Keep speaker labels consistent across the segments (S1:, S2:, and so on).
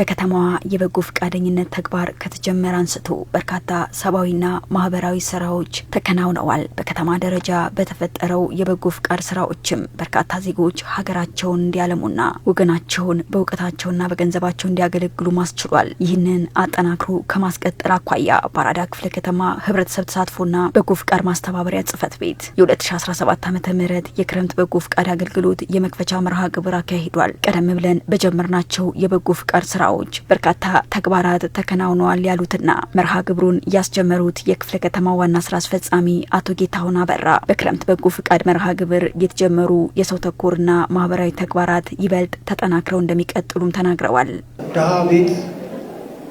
S1: በከተማዋ የበጎ ፈቃደኝነት ተግባር ከተጀመረ አንስቶ በርካታ ሰብአዊና ማህበራዊ ስራዎች ተከናውነዋል። በከተማ ደረጃ በተፈጠረው የበጎ ፍቃድ ስራዎችም በርካታ ዜጎች ሀገራቸውን እንዲያለሙና ወገናቸውን በእውቀታቸውና በገንዘባቸው እንዲያገለግሉ ማስችሏል። ይህንን አጠናክሮ ከማስቀጠል አኳያ በአራዳ ክፍለ ከተማ ህብረተሰብ ተሳትፎና በጎ ፍቃድ ማስተባበሪያ ጽህፈት ቤት የ2017 ዓ ም የክረምት በጎ ፍቃድ አገልግሎት የመክፈቻ መርሃ ግብር አካሂዷል። ቀደም ብለን በጀመርናቸው የበጎ ፍቃድ ስራ ስራዎች፣ በርካታ ተግባራት ተከናውነዋል ያሉትና መርሃ ግብሩን ያስጀመሩት የክፍለ ከተማ ዋና ስራ አስፈጻሚ አቶ ጌታሁን አበራ በክረምት በጎ ፍቃድ መርሃ ግብር የተጀመሩ የሰው ተኮርና ማህበራዊ ተግባራት ይበልጥ ተጠናክረው እንደሚቀጥሉም ተናግረዋል።
S2: ድሃ ቤት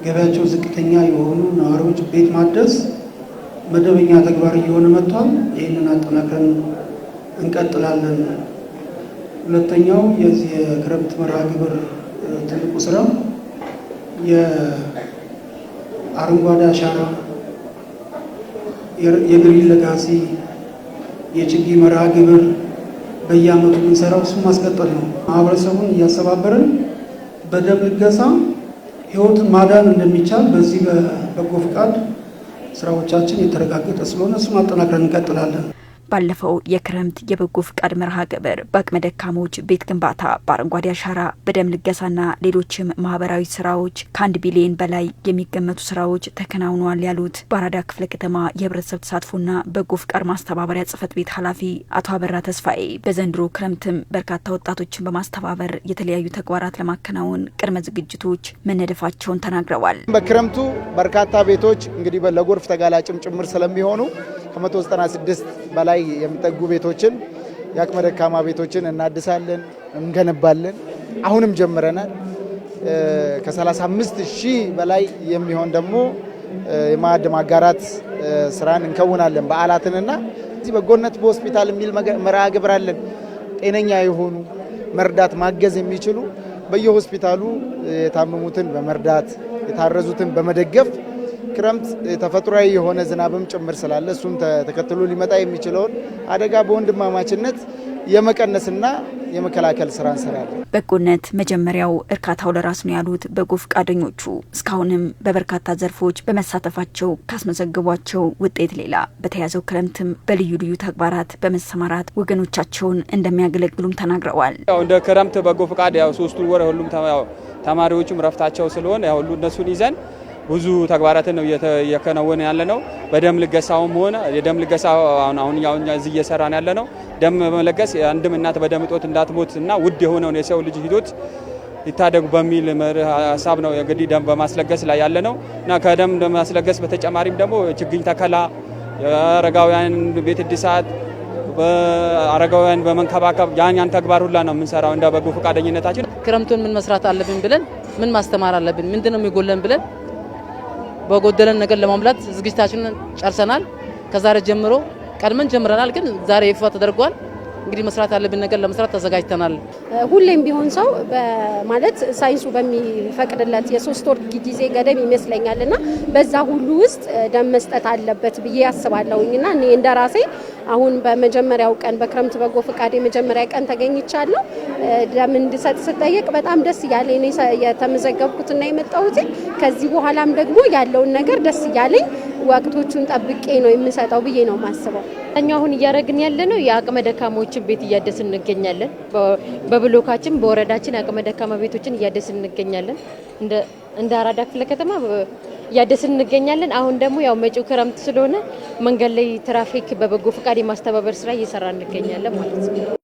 S2: ገበያቸው ዝቅተኛ የሆኑ ነዋሪዎች ቤት ማደስ መደበኛ ተግባር እየሆነ መጥቷል። ይህንን አጠናክረን እንቀጥላለን። ሁለተኛው የዚህ የክረምት መርሃ ግብር ትልቁ ስራ የአረንጓዴ አሻራ፣ የግሪን ለጋሲ፣ የችግኝ መርሃ ግብር በየአመቱ የምንሰራው እሱን ማስቀጠል ነው። ማህበረሰቡን እያሰባበረን በደም ልገሳ ህይወትን ማዳን እንደሚቻል በዚህ በበጎ ፈቃድ ስራዎቻችን የተረጋገጠ ስለሆነ እሱን አጠናክረን እንቀጥላለን።
S1: ባለፈው የክረምት የበጎ ፍቃድ መርሃ ግብር በአቅመ ደካሞች ቤት ግንባታ፣ በአረንጓዴ አሻራ፣ በደም ልገሳና ሌሎችም ማህበራዊ ስራዎች ከአንድ ቢሊዮን በላይ የሚገመቱ ስራዎች ተከናውኗል ያሉት በአራዳ ክፍለ ከተማ የህብረተሰብ ተሳትፎና በጎ ፍቃድ ማስተባበሪያ ጽህፈት ቤት ኃላፊ አቶ አበራ ተስፋዬ በዘንድሮ ክረምትም በርካታ ወጣቶችን በማስተባበር የተለያዩ ተግባራት ለማከናወን ቅድመ ዝግጅቶች መነደፋቸውን ተናግረዋል።
S3: በክረምቱ በርካታ ቤቶች እንግዲህ ለጎርፍ ተጋላጭም ጭምር ስለሚሆኑ ከ196 በላይ የሚጠጉ ቤቶችን የአቅመ ደካማ ቤቶችን እናድሳለን፣ እንገነባለን። አሁንም ጀምረናል። ከ35 ሺህ በላይ የሚሆን ደግሞ የማዕድ ማጋራት ስራን እንከውናለን። በዓላትንና እዚህ በጎነት በሆስፒታል የሚል መርሃ ግብር አለን። ጤነኛ የሆኑ መርዳት ማገዝ የሚችሉ በየሆስፒታሉ የታመሙትን በመርዳት የታረዙትን በመደገፍ ክረምት ተፈጥሯዊ የሆነ ዝናብም ጭምር ስላለ እሱም ተከትሎ ሊመጣ የሚችለውን አደጋ በወንድማማችነት የመቀነስና የመከላከል ስራ እንሰራለን።
S1: በጎነት መጀመሪያው እርካታው ለራስ ነው ያሉት በጎ ፈቃደኞቹ እስካሁንም በበርካታ ዘርፎች በመሳተፋቸው ካስመዘግቧቸው ውጤት ሌላ በተያዘው ክረምትም በልዩ ልዩ ተግባራት በመሰማራት ወገኖቻቸውን እንደሚያገለግሉም ተናግረዋል።
S4: እንደ ክረምት በጎ ፈቃድ ያው ሶስቱን ወር ሁሉም ተማሪዎችም ረፍታቸው ስለሆነ ያው ሁሉ እነሱን ይዘን ብዙ ተግባራትን ነው እየከናወነ ያለ ነው። በደም ልገሳውም ሆነ የደም ልገሳ አሁን እዚህ እየሰራን ያለ ነው። ደም በመለገስ አንድም እናት በደም እጦት እንዳትሞት እና ውድ የሆነውን የሰው ልጅ ሂዶት ይታደጉ በሚል መርህ ሀሳብ ነው እንግዲህ ደም በማስለገስ ላይ ያለ ነው እና ከደም በማስለገስ በተጨማሪም ደግሞ ችግኝ ተከላ፣ የአረጋውያን ቤት እድሳት፣ አረጋውያን በመንከባከብ ያን ያን ተግባር ሁላ ነው የምንሰራው እንደ በጎ ፈቃደኝነታችን።
S5: ክረምቱን ምን መስራት አለብን ብለን ምን ማስተማር አለብን ምንድነው የሚጎለን ብለን በጎደለን ነገር ለማምላት ዝግጅታችንን ጨርሰናል። ከዛሬ ጀምሮ ቀድመን ጀምረናል፣ ግን ዛሬ ይፋ ተደርጓል። እንግዲህ መስራት ያለብን ነገር ለመስራት ተዘጋጅተናል።
S6: ሁሌም ቢሆን ሰው ማለት ሳይንሱ በሚፈቅድለት የሶስት ወር ጊዜ ገደብ ይመስለኛል እና በዛ ሁሉ ውስጥ ደም መስጠት አለበት ብዬ አስባለሁኝ እና እኔ እንደ ራሴ አሁን በመጀመሪያው ቀን በክረምት በጎ ፍቃድ የመጀመሪያ ቀን ተገኝቻለሁ። ደም እንድሰጥ ስጠየቅ በጣም ደስ እያለኝ የተመዘገብኩትና የመጣሁት ከዚህ በኋላም ደግሞ ያለውን ነገር ደስ እያለኝ ወቅቶቹን ጠብቄ ነው የምሰጠው ብዬ ነው የማስበው።
S7: እኛ አሁን እያደረግን ያለ ነው የአቅመ ደካማዎችን ቤት እያደስ እንገኛለን። በብሎካችን በወረዳችን የአቅመ ደካማ ቤቶችን እያደስ እንገኛለን። እንደ አራዳ ክፍለ ከተማ እያደስን እንገኛለን። አሁን ደግሞ ያው መጪው ክረምት ስለሆነ መንገድ ላይ ትራፊክ በበጎ ፈቃድ የማስተባበር ስራ እየሰራ እንገኛለን ማለት ነው።